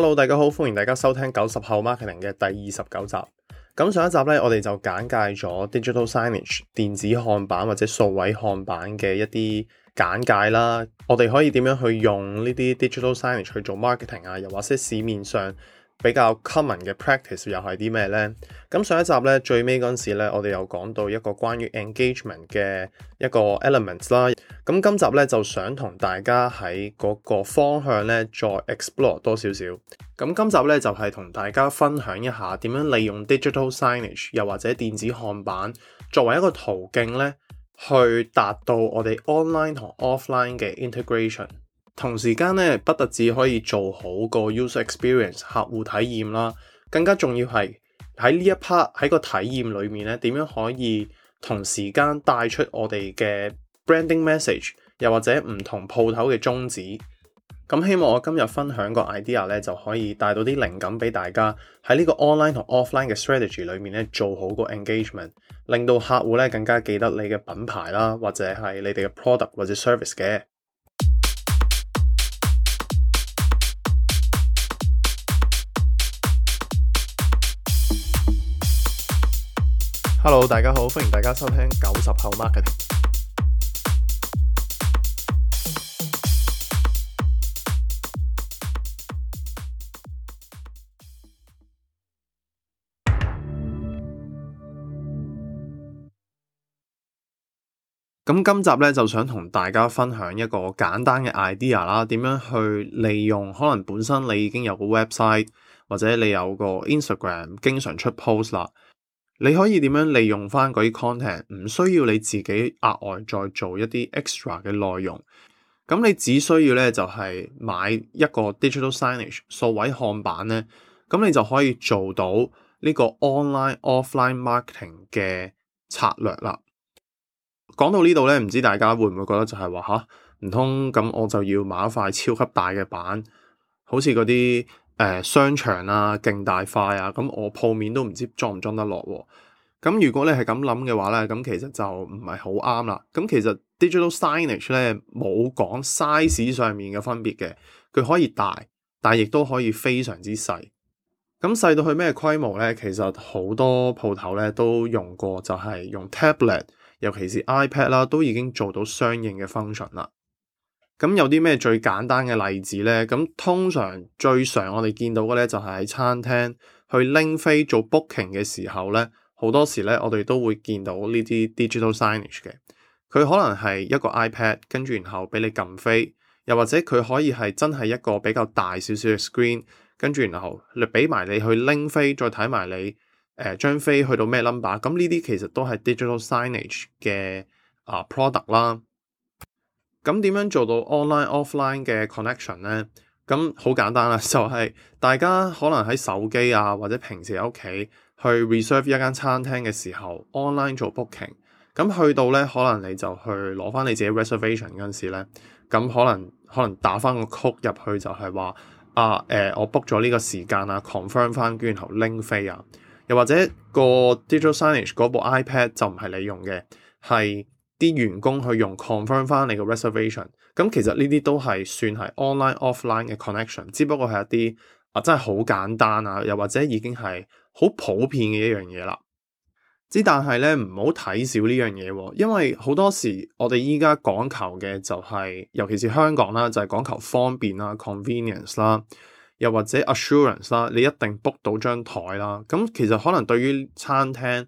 Hello，大家好，歡迎大家收聽九十後 marketing 嘅第二十九集。咁上一集咧，我哋就簡介咗 digital signage 電子看板或者數位看板嘅一啲簡介啦。我哋可以點樣去用呢啲 digital signage 去做 marketing 啊？又或者市面上？比較 common 嘅 practice 又係啲咩呢？咁上一集咧，最尾嗰陣時咧，我哋有講到一個關於 engagement 嘅一個 elements 啦。咁今集咧就想同大家喺嗰個方向咧再 explore 多少少。咁今集咧就係、是、同大家分享一下點樣利用 digital signage 又或者電子看板作為一個途徑咧，去達到我哋 online 同 offline 嘅 integration。同時間咧，不得止可以做好個 user experience 客戶體驗啦，更加重要係喺呢一 part 喺個體驗裡面咧，點樣可以同時間帶出我哋嘅 branding message，又或者唔同鋪頭嘅宗旨。咁希望我今日分享個 idea 咧，就可以帶到啲靈感俾大家。喺呢個 online 同 offline 嘅 strategy 裏面咧，做好個 engagement，令到客戶咧更加記得你嘅品牌啦，或者係你哋嘅 product 或者 service 嘅。Hello，大家好，歡迎大家收聽九十後 market。咁今集咧就想同大家分享一個簡單嘅 idea 啦，點樣去利用可能本身你已經有個 website 或者你有個 Instagram，經常出 post 啦。你可以點樣利用翻嗰啲 content？唔需要你自己額外再做一啲 extra 嘅內容。咁你只需要咧就係買一個 digital signage 數位看板咧，咁你就可以做到呢個 online offline marketing 嘅策略啦。講到呢度咧，唔知大家會唔會覺得就係話嚇，唔通咁我就要買一塊超級大嘅板，好似嗰啲。誒、呃、商場啊，勁大塊啊，咁我鋪面都唔知裝唔裝得落喎，啊。咁如果你係咁諗嘅話呢，咁其實就唔係好啱啦。咁其實 digital signage 呢，冇講 size 上面嘅分別嘅，佢可以大，但亦都可以非常之細。咁細到去咩規模呢？其實好多鋪頭呢都用過，就係用 tablet，尤其是 iPad 啦，都已經做到相應嘅 function 啦。咁有啲咩最簡單嘅例子呢？咁通常最常我哋見到嘅呢，就係喺餐廳去拎飛做 booking 嘅時候呢。好多時呢，我哋都會見到呢啲 digital signage 嘅。佢可能係一個 iPad 跟住然後俾你撳飛，又或者佢可以係真係一個比較大少少嘅 screen，跟住然後你俾埋你去拎飛再睇埋你誒張飛去到咩 number。咁呢啲其實都係 digital signage 嘅 product 啦。咁點樣做到 online offline 嘅 connection 呢？咁好簡單啦、啊，就係、是、大家可能喺手機啊，或者平時喺屋企去 reserve 一間餐廳嘅時候，online 做 booking。咁去到呢，可能你就去攞翻你自己 reservation 嗰陣時呢，咁可能可能打翻個 code 入去就係話啊，誒、呃，我 book 咗呢個時間啊，confirm 翻，然後拎飛啊。又或者個 digital signage 嗰部 iPad 就唔係你用嘅，係。啲員工去用 confirm 翻你個 reservation，咁其實呢啲都係算係 online offline 嘅 connection，只不過係一啲啊真係好簡單啊，又或者已經係好普遍嘅一樣嘢啦。之但係咧，唔好睇少呢樣嘢，因為好多時我哋依家講求嘅就係、是，尤其是香港啦，就係、是、講求方便啦、convenience 啦，又或者 assurance 啦，你一定 book 到張台啦。咁其實可能對於餐廳。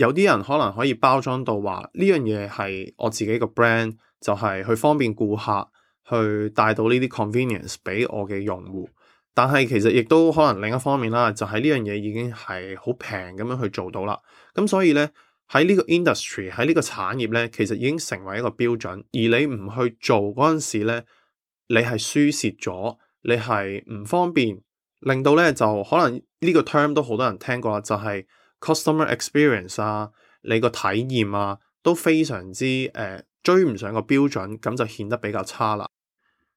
有啲人可能可以包裝到話呢樣嘢係我自己個 brand，就係去方便顧客去帶到呢啲 convenience 俾我嘅用戶。但係其實亦都可能另一方面啦，就係呢樣嘢已經係好平咁樣去做到啦。咁所以呢，喺呢個 industry 喺呢個產業呢，其實已經成為一個標準。而你唔去做嗰陣時呢，你係輸蝕咗，你係唔方便，令到呢，就可能呢個 term 都好多人聽過啦，就係、是。customer experience 啊，你個體驗啊都非常之誒、呃、追唔上個標準，咁就顯得比較差啦。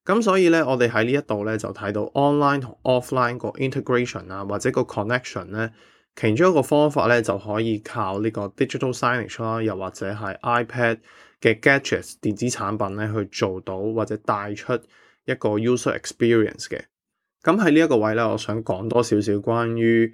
咁所以咧，我哋喺呢一度咧就睇到 online 同 offline 個 integration 啊，或者個 connection 咧，其中一個方法咧就可以靠呢個 digital signage 啦，又或者係 iPad 嘅 gadgets 電子產品咧去做到，或者帶出一個 user experience 嘅。咁喺呢一個位咧，我想講多少少關於。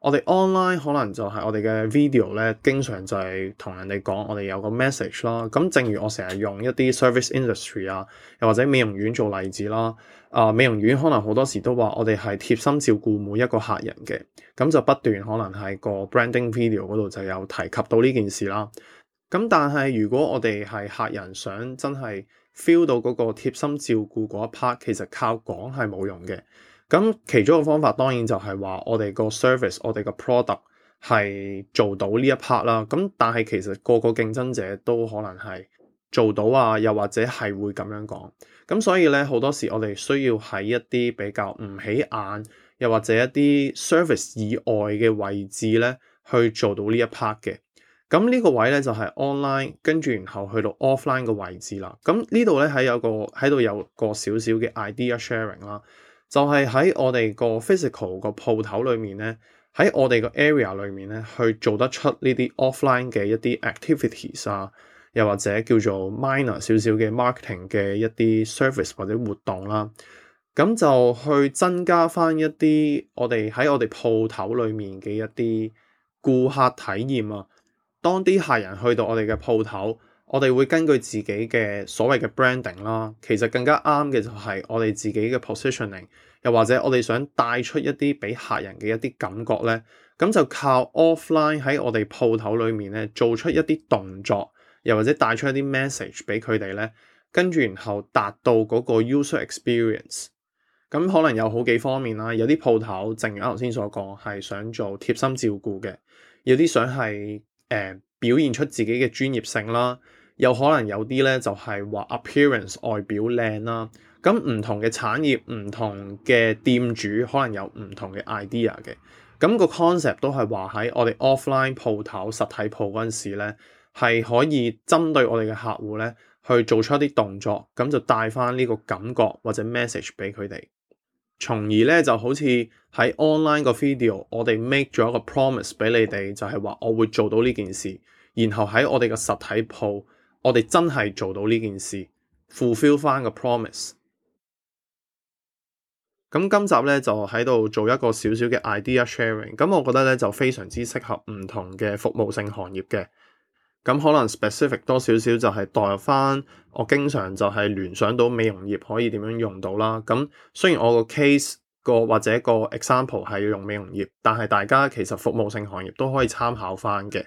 我哋 online 可能就係我哋嘅 video 咧，經常就係同人哋講我哋有個 message 咯。咁正如我成日用一啲 service industry 啊，又或者美容院做例子啦。啊、呃，美容院可能好多時都話我哋係貼心照顧每一個客人嘅，咁就不斷可能喺個 branding video 嗰度就有提及到呢件事啦。咁但係如果我哋係客人想真係 feel 到嗰個貼心照顧嗰一 part，其實靠講係冇用嘅。咁其中一個方法，當然就係話我哋個 service，我哋個 product 係做到呢一 part 啦。咁但係其實個個競爭者都可能係做到啊，又或者係會咁樣講。咁所以咧，好多時我哋需要喺一啲比較唔起眼，又或者一啲 service 以外嘅位置咧，去做到呢一 part 嘅。咁呢個位咧就係 online，跟住然後去到 offline 嘅位置啦。咁呢度咧喺有個喺度有個少少嘅 idea sharing 啦。就係喺我哋個 physical 個鋪頭裏面呢，喺我哋個 area 裏面呢，去做得出呢啲 offline 嘅一啲 activities 啊，又或者叫做 minor 少少嘅 marketing 嘅一啲 service 或者活動啦、啊，咁就去增加翻一啲我哋喺我哋鋪頭裏面嘅一啲顧客體驗啊，當啲客人去到我哋嘅鋪頭。我哋會根據自己嘅所謂嘅 branding 啦，其實更加啱嘅就係我哋自己嘅 positioning，又或者我哋想帶出一啲俾客人嘅一啲感覺咧，咁就靠 offline 喺我哋鋪頭裏面咧做出一啲動作，又或者帶出一啲 message 俾佢哋咧，跟住然後達到嗰個 user experience。咁可能有好幾方面啦，有啲鋪頭正如啱頭先所講，係想做貼心照顧嘅，有啲想係誒、呃、表現出自己嘅專業性啦。有可能有啲咧就係話 appearance 外表靚啦，咁唔同嘅產業、唔同嘅店主可能有唔同嘅 idea 嘅，咁個 concept 都係話喺我哋 offline 鋪頭、實體鋪嗰陣時咧，係可以針對我哋嘅客戶咧去做出一啲動作，咁就帶翻呢個感覺或者 message 俾佢哋，從而咧就好似喺 online 個 video，我哋 make 咗一個 promise 俾你哋，就係話我會做到呢件事，然後喺我哋嘅實體鋪。我哋真係做到呢件事，fulfill 翻個 promise。咁今集呢，就喺度做一個少少嘅 idea sharing。咁我覺得呢，就非常之適合唔同嘅服務性行業嘅。咁可能 specific 多少少就係代入翻我經常就係聯想到美容業可以點樣用到啦。咁雖然我個 case 個或者個 example 係要用美容業，但係大家其實服務性行業都可以參考翻嘅。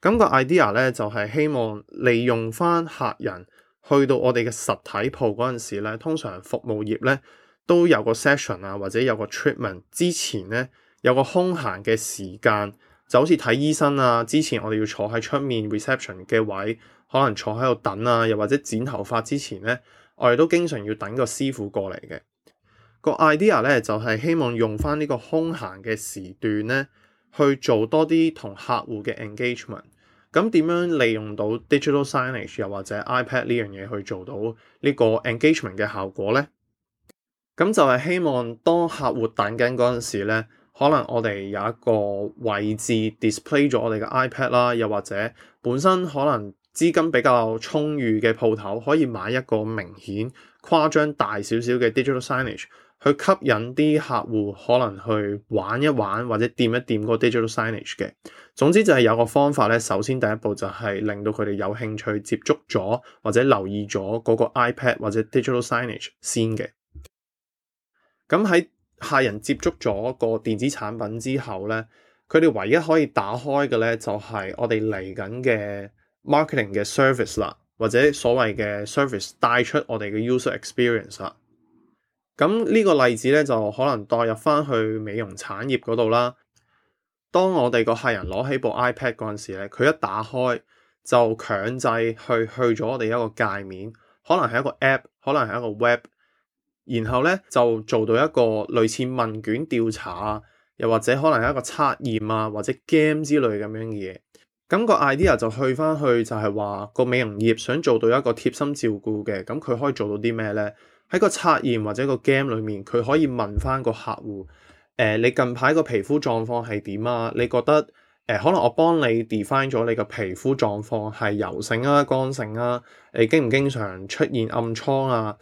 咁個 idea 咧就係希望利用翻客人去到我哋嘅實體鋪嗰陣時咧，通常服務業咧都有個 session 啊，或者有個 treatment 之前咧有個空閒嘅時間，就好似睇醫生啊，之前我哋要坐喺出面 reception 嘅位，可能坐喺度等啊，又或者剪頭髮之前咧，我哋都經常要等個師傅過嚟嘅。個 idea 咧就係希望用翻呢個空閒嘅時段咧。去做多啲同客戶嘅 engagement，咁點樣利用到 digital signage 又或者 iPad 呢樣嘢去做到呢個 engagement 嘅效果呢？咁就係希望當客戶等緊嗰陣時呢，可能我哋有一個位置 display 咗我哋嘅 iPad 啦，又或者本身可能資金比較充裕嘅鋪頭可以買一個明顯誇張大少少嘅 digital signage。去吸引啲客戶可能去玩一玩或者掂一掂嗰個 digital signage 嘅，總之就係有個方法咧。首先第一步就係令到佢哋有興趣接觸咗或者留意咗嗰個 iPad 或者 digital signage 先嘅。咁喺客人接觸咗個電子產品之後咧，佢哋唯一可以打開嘅咧就係我哋嚟緊嘅 marketing 嘅 service 啦，或者所謂嘅 service 帶出我哋嘅 user experience 啦。咁呢個例子咧，就可能代入翻去美容產業嗰度啦。當我哋個客人攞起部 iPad 嗰陣時咧，佢一打開就強制去去咗我哋一個界面，可能係一個 app，可能係一個 web，然後咧就做到一個類似問卷調查啊，又或者可能係一個測驗啊，或者 game 之類咁樣嘅嘢。咁個 idea 就去翻去就係話個美容業想做到一個貼心照顧嘅，咁佢可以做到啲咩咧？喺個測驗或者個 game 裏面，佢可以問翻個客戶，誒、呃，你近排個皮膚狀況係點啊？你覺得誒、呃，可能我幫你 define 咗你個皮膚狀況係油性啊、乾性啊，你經唔經常出現暗瘡啊？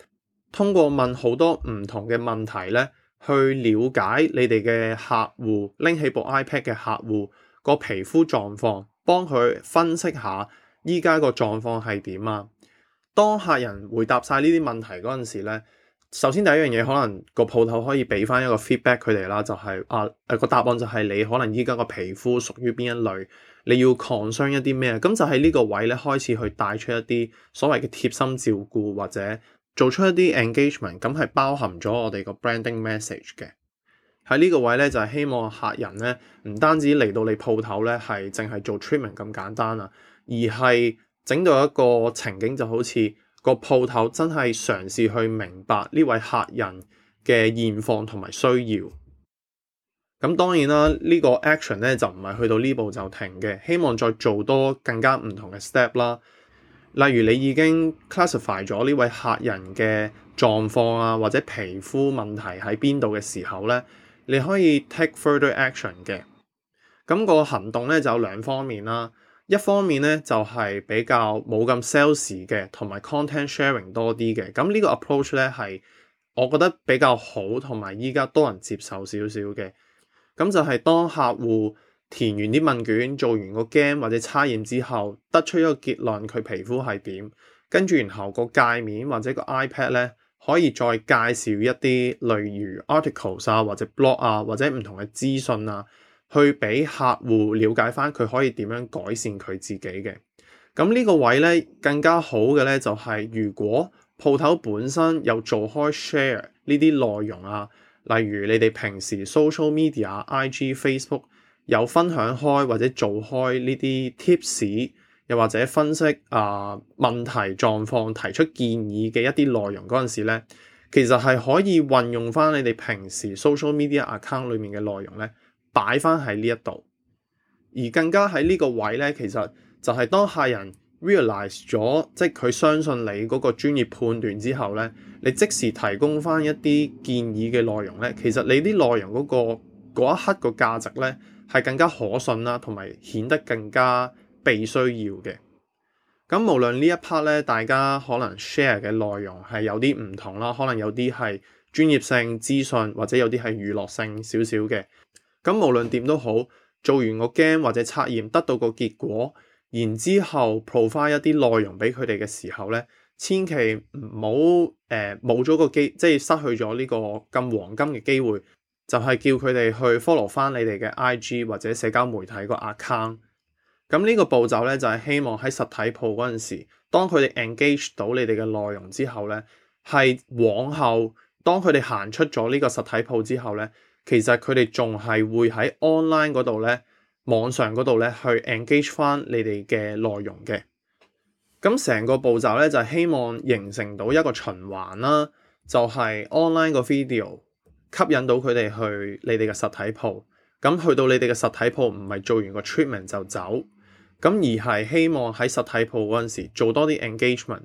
通過問好多唔同嘅問題咧，去了解你哋嘅客戶拎起部 iPad 嘅客戶個皮膚狀況，幫佢分析下依家個狀況係點啊？當客人回答晒呢啲問題嗰陣時咧，首先第一樣嘢可能個鋪頭可以俾翻一個 feedback 佢哋啦，就係、是、啊誒個、呃、答案就係你可能依家個皮膚屬於邊一類，你要 concern 一啲咩？咁就喺呢個位咧開始去帶出一啲所謂嘅貼心照顧或者做出一啲 engagement，咁係包含咗我哋個 branding message 嘅。喺呢個位咧就係、是、希望客人咧唔單止嚟到你鋪頭咧係淨係做 treatment 咁簡單啊，而係。整到一個情景就好似個鋪頭真係嘗試去明白呢位客人嘅現況同埋需要。咁當然啦，呢個 action 咧就唔係去到呢步就停嘅，希望再做多更加唔同嘅 step 啦。例如你已經 classify 咗呢位客人嘅狀況啊，或者皮膚問題喺邊度嘅時候咧，你可以 take further action 嘅。咁個行動咧就有兩方面啦。一方面咧就係、是、比較冇咁 sales 嘅，同埋 content sharing 多啲嘅。咁呢個 approach 咧係我覺得比較好，同埋依家多人接受少少嘅。咁就係當客戶填完啲問卷，做完個 game 或者測驗之後，得出一個結論佢皮膚係點，跟住然後個界面或者個 iPad 咧可以再介紹一啲例如 articles 啊，或者 blog 啊，或者唔同嘅資訊啊。去俾客戶了解翻佢可以點樣改善佢自己嘅。咁呢個位咧更加好嘅咧就係、是、如果鋪頭本身有做開 share 呢啲內容啊，例如你哋平時 social media、IG、Facebook 有分享開或者做開呢啲 tips，又或者分析啊、呃、問題狀況，提出建議嘅一啲內容嗰陣時咧，其實係可以運用翻你哋平時 social media account 裏面嘅內容咧。擺翻喺呢一度，而更加喺呢個位呢，其實就係當客人 realize 咗，即係佢相信你嗰個專業判斷之後呢，你即時提供翻一啲建議嘅內容呢。其實你啲內容嗰個嗰一刻個價值呢，係更加可信啦，同埋顯得更加被需要嘅。咁無論呢一 part 呢，大家可能 share 嘅內容係有啲唔同啦，可能有啲係專業性資訊，或者有啲係娛樂性少少嘅。咁無論點都好，做完個 game 或者測驗得到個結果，然之後 provide 一啲內容俾佢哋嘅時候呢，千祈唔好誒，冇咗個機，即係失去咗呢個咁黃金嘅機會，就係叫佢哋去 follow 翻你哋嘅 IG 或者社交媒體個 account。咁呢個步驟呢，就係希望喺實體鋪嗰陣時，當佢哋 engage 到你哋嘅內容之後呢，係往後，當佢哋行出咗呢個實體鋪之後呢。其實佢哋仲係會喺 online 嗰度咧，網上嗰度咧去 engage 翻你哋嘅內容嘅。咁成個步驟咧就係希望形成到一個循環啦，就係 online 個 video 吸引到佢哋去你哋嘅實體鋪。咁去到你哋嘅實體鋪唔係做完個 treatment 就走，咁而係希望喺實體鋪嗰陣時做多啲 engagement。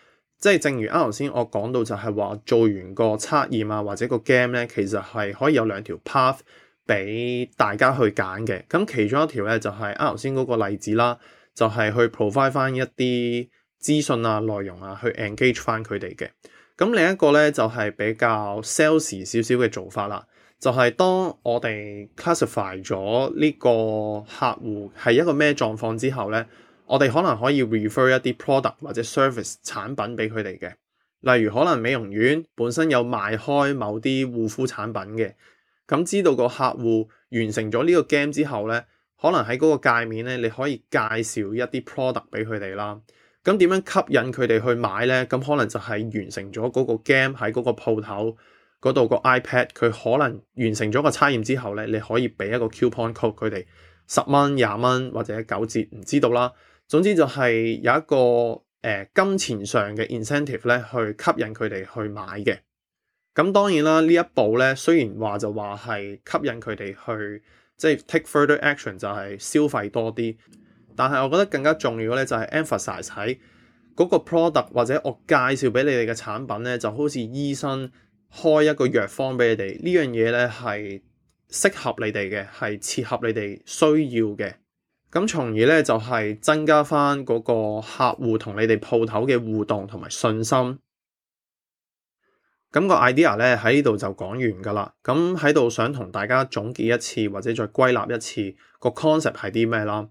即係正如啱頭先我講到，就係話做完個測驗啊，或者個 game 咧，其實係可以有兩條 path 俾大家去揀嘅。咁其中一條咧就係啱頭先嗰個例子啦，就係、是、去 provide 翻一啲資訊啊、內容啊，去 engage 翻佢哋嘅。咁另一個咧就係、是、比較 sales 少少嘅做法啦，就係、是、當我哋 classify 咗呢個客戶係一個咩狀況之後咧。我哋可能可以 refer 一啲 product 或者 service 產品俾佢哋嘅，例如可能美容院本身有賣開某啲護膚產品嘅，咁知道個客戶完成咗呢個 game 之後呢，可能喺嗰個界面呢，你可以介紹一啲 product 俾佢哋啦。咁點樣吸引佢哋去買呢？咁可能就係完成咗嗰個 game 喺嗰個鋪頭嗰度個 iPad，佢可能完成咗個測驗之後呢，你可以俾一個 coupon code 佢哋十蚊、廿蚊或者九折，唔知道啦。總之就係有一個誒、呃、金錢上嘅 incentive 咧，去吸引佢哋去買嘅。咁當然啦，呢一步咧雖然話就話係吸引佢哋去即係、就是、take further action，就係消費多啲。但係我覺得更加重要咧，就係 emphasize 喺嗰個 product 或者我介紹俾你哋嘅產品咧，就好似醫生開一個藥方俾你哋，呢樣嘢咧係適合你哋嘅，係切合你哋需要嘅。咁，從而咧就係增加翻嗰個客戶同你哋鋪頭嘅互動同埋信心。咁個 idea 咧喺呢度就講完㗎啦。咁喺度想同大家總結一次或者再歸納一次個 concept 係啲咩啦？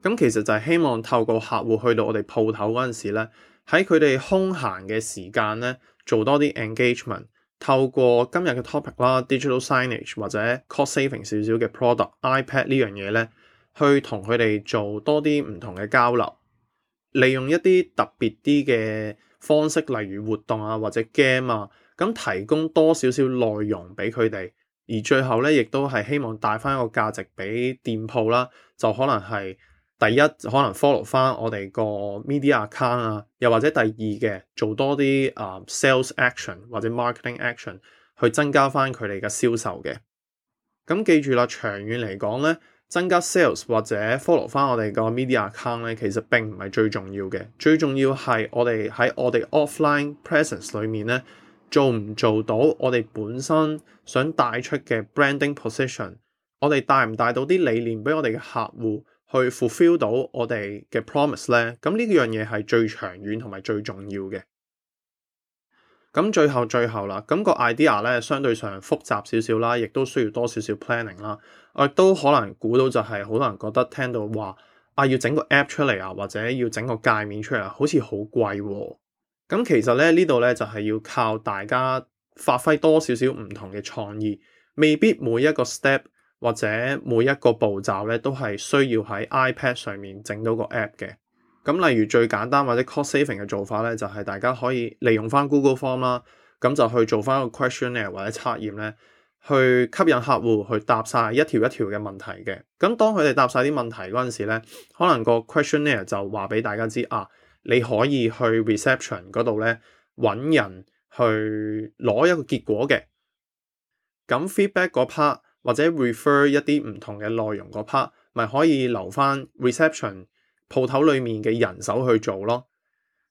咁其實就係希望透過客戶去到我哋鋪頭嗰陣時咧，喺佢哋空閒嘅時間咧做多啲 engagement。透過今日嘅 topic 啦，digital signage 或者 cost saving 少少嘅 product iPad 呢樣嘢咧。去同佢哋做多啲唔同嘅交流，利用一啲特別啲嘅方式，例如活動啊或者 game 啊，咁提供多少少內容俾佢哋，而最後咧亦都係希望帶翻個價值俾店鋪啦，就可能係第一可能 follow 翻我哋個 media account 啊，又或者第二嘅做多啲啊 sales action 或者 marketing action 去增加翻佢哋嘅銷售嘅，咁記住啦，長遠嚟講咧。增加 sales 或者 follow 翻我哋個 media account 咧，其實並唔係最重要嘅。最重要係我哋喺我哋 offline presence 裏面咧，做唔做到我哋本身想帶出嘅 branding position，我哋帶唔帶到啲理念俾我哋嘅客戶去 fulfill 到我哋嘅 promise 咧？咁呢樣嘢係最長遠同埋最重要嘅。咁最後最後啦，咁個 idea 咧，相對上複雜少少啦，亦都需要多少少 planning 啦。我亦都可能估到就係好多人覺得聽到話啊，要整個 app 出嚟啊，或者要整個界面出嚟啊，好似好貴喎。咁其實咧，呢度咧就係要靠大家發揮多少少唔同嘅創意，未必每一個 step 或者每一個步驟咧都係需要喺 iPad 上面整到個 app 嘅。咁例如最簡單或者 cost saving 嘅做法咧，就係大家可以利用翻 Google Form 啦，咁就去做翻個 questionnaire 或者測驗咧，去吸引客戶去答晒一條一條嘅問題嘅。咁當佢哋答晒啲問題嗰陣時咧，可能個 questionnaire 就話俾大家知啊，你可以去 reception 嗰度咧揾人去攞一個結果嘅。咁 feedback 嗰 part 或者 refer 一啲唔同嘅內容嗰 part，咪可以留翻 reception。鋪頭裡面嘅人手去做咯，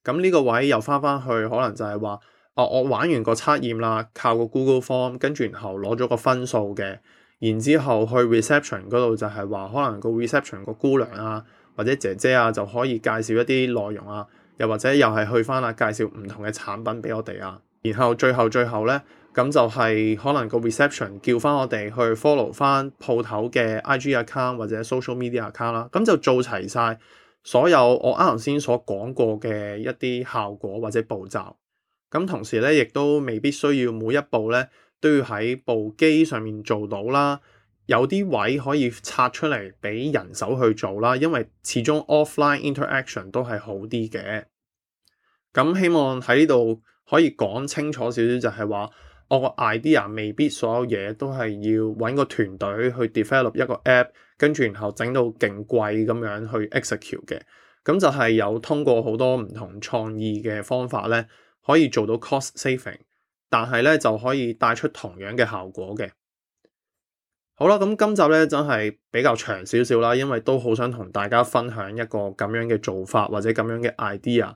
咁呢個位又翻翻去，可能就係話，哦、啊，我玩完個測驗啦，靠個 Google Form，跟住然後攞咗個分數嘅，然之後去 reception 嗰度就係話，可能個 reception 個姑娘啊或者姐姐啊就可以介紹一啲內容啊，又或者又係去翻啊介紹唔同嘅產品俾我哋啊，然後最後最後呢，咁就係可能個 reception 叫翻我哋去 follow 翻鋪頭嘅 IG account 或者 social media account 啦、啊，咁就做齊晒。所有我啱先所講過嘅一啲效果或者步驟，咁同時咧亦都未必需要每一步咧都要喺部機上面做到啦，有啲位可以拆出嚟俾人手去做啦，因為始終 offline interaction 都係好啲嘅。咁希望喺呢度可以講清楚少少，就係話。我個 idea 未必所有嘢都係要揾個團隊去 develop 一個 app，跟住然後整到勁貴咁樣去 execute 嘅。咁就係有通過好多唔同創意嘅方法呢，可以做到 cost saving，但係呢就可以帶出同樣嘅效果嘅。好啦，咁今集呢真係比較長少少啦，因為都好想同大家分享一個咁樣嘅做法或者咁樣嘅 idea。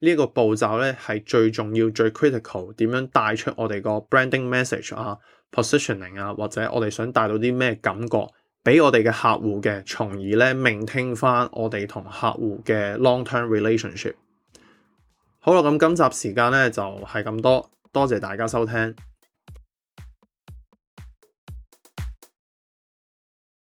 呢一個步驟咧係最重要、最 critical，點樣帶出我哋個 branding message 啊、positioning 啊，或者我哋想帶到啲咩感覺俾我哋嘅客戶嘅，從而咧明聽翻我哋同客戶嘅 long-term relationship。好啦，咁今集時間咧就係咁多，多謝大家收聽。